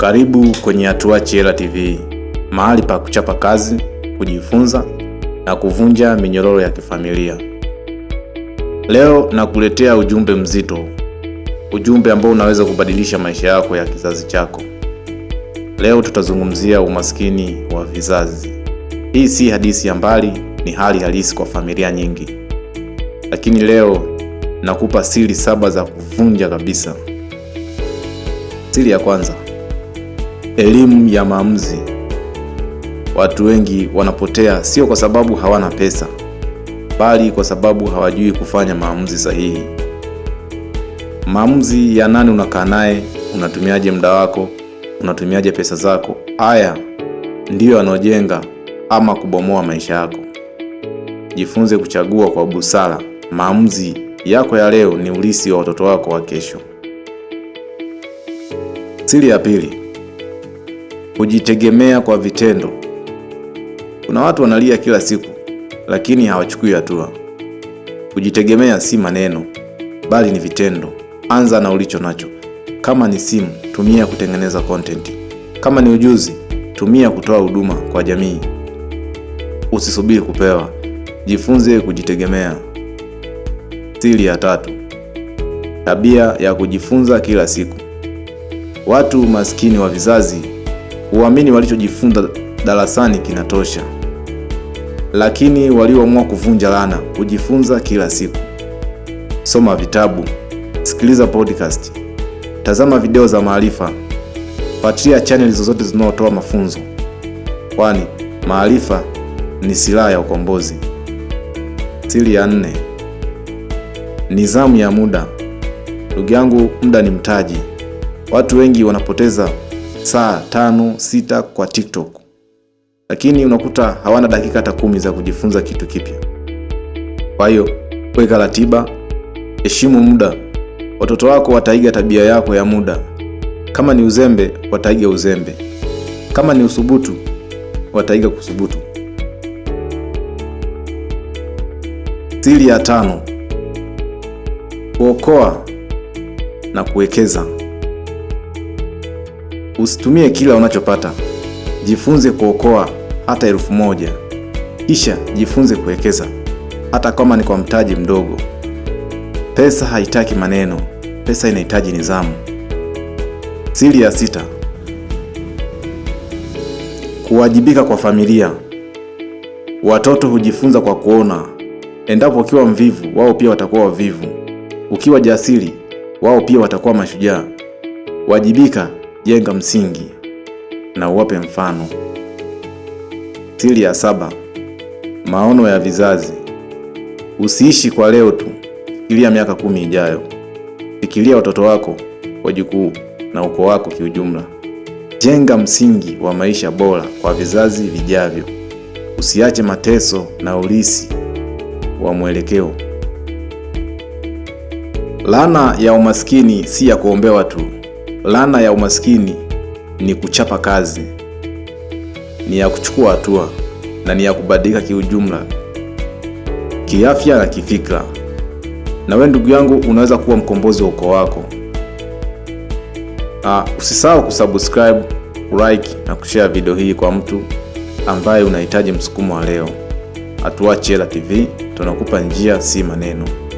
Karibu kwenye hatua chela TV, mahali pa kuchapa kazi, kujifunza na kuvunja minyororo ya kifamilia. Leo nakuletea ujumbe mzito, ujumbe ambao unaweza kubadilisha maisha yako ya kizazi chako. Leo tutazungumzia umaskini wa vizazi. Hii si hadithi ya mbali, ni hali halisi kwa familia nyingi, lakini leo nakupa siri saba za kuvunja kabisa. Siri ya kwanza Elimu ya maamuzi. Watu wengi wanapotea sio kwa sababu hawana pesa, bali kwa sababu hawajui kufanya maamuzi sahihi. Maamuzi ya nani unakaa naye, unatumiaje muda wako, unatumiaje pesa zako. Haya ndiyo anaojenga ama kubomoa maisha yako. Jifunze kuchagua kwa busara. Maamuzi yako ya leo ni ulisi wa watoto wako wa kesho. Siri ya pili Kujitegemea kwa vitendo. Kuna watu wanalia kila siku, lakini hawachukui hatua. Kujitegemea si maneno, bali ni vitendo. Anza na ulicho nacho. Kama ni simu, tumia kutengeneza content. Kama ni ujuzi, tumia kutoa huduma kwa jamii. Usisubiri kupewa, jifunze kujitegemea. Siri ya tatu, tabia ya kujifunza kila siku. Watu maskini wa vizazi huamini walichojifunza darasani kinatosha, lakini walioamua kuvunja laana hujifunza kila siku. Soma vitabu, sikiliza podcast, tazama video za maarifa, fuatilia chaneli zozote zinazotoa mafunzo, kwani maarifa ni silaha ya ukombozi. Siri ya nne: nidhamu ya muda. Ndugu yangu, muda ni mtaji. Watu wengi wanapoteza saa tano sita kwa TikTok, lakini unakuta hawana dakika hata kumi za kujifunza kitu kipya. Kwa hiyo weka ratiba, heshimu muda. Watoto wako wataiga tabia yako ya muda. Kama ni uzembe, wataiga uzembe. Kama ni usubutu, wataiga kusubutu. Siri ya tano: kuokoa na kuwekeza. Usitumie kila unachopata, jifunze kuokoa hata elfu moja kisha jifunze kuwekeza hata kama ni kwa mtaji mdogo. Pesa haitaki maneno, pesa inahitaji nidhamu. Siri ya sita: kuwajibika kwa familia. Watoto hujifunza kwa kuona. Endapo ukiwa mvivu, wao pia watakuwa wavivu. Ukiwa jasiri, wao pia watakuwa mashujaa. Wajibika jenga msingi na uwape mfano. Siri ya saba: maono ya vizazi. Usiishi kwa leo tu, fikiria miaka kumi ijayo. Fikiria watoto wako, wajukuu na ukoo wako kiujumla. Jenga msingi wa maisha bora kwa vizazi vijavyo. Usiache mateso na ulisi wa mwelekeo. Laana ya umaskini si ya kuombewa tu. Laana ya umaskini ni kuchapa kazi, ni ya kuchukua hatua na ni ya kubadilika kiujumla, kiafya na kifikra. Na wewe ndugu yangu unaweza kuwa mkombozi wa ukoo wako. Ah, usisahau kusubscribe, like na kushare video hii kwa mtu ambaye unahitaji msukumo wa leo. Hatuachi Ela TV, tunakupa njia si maneno.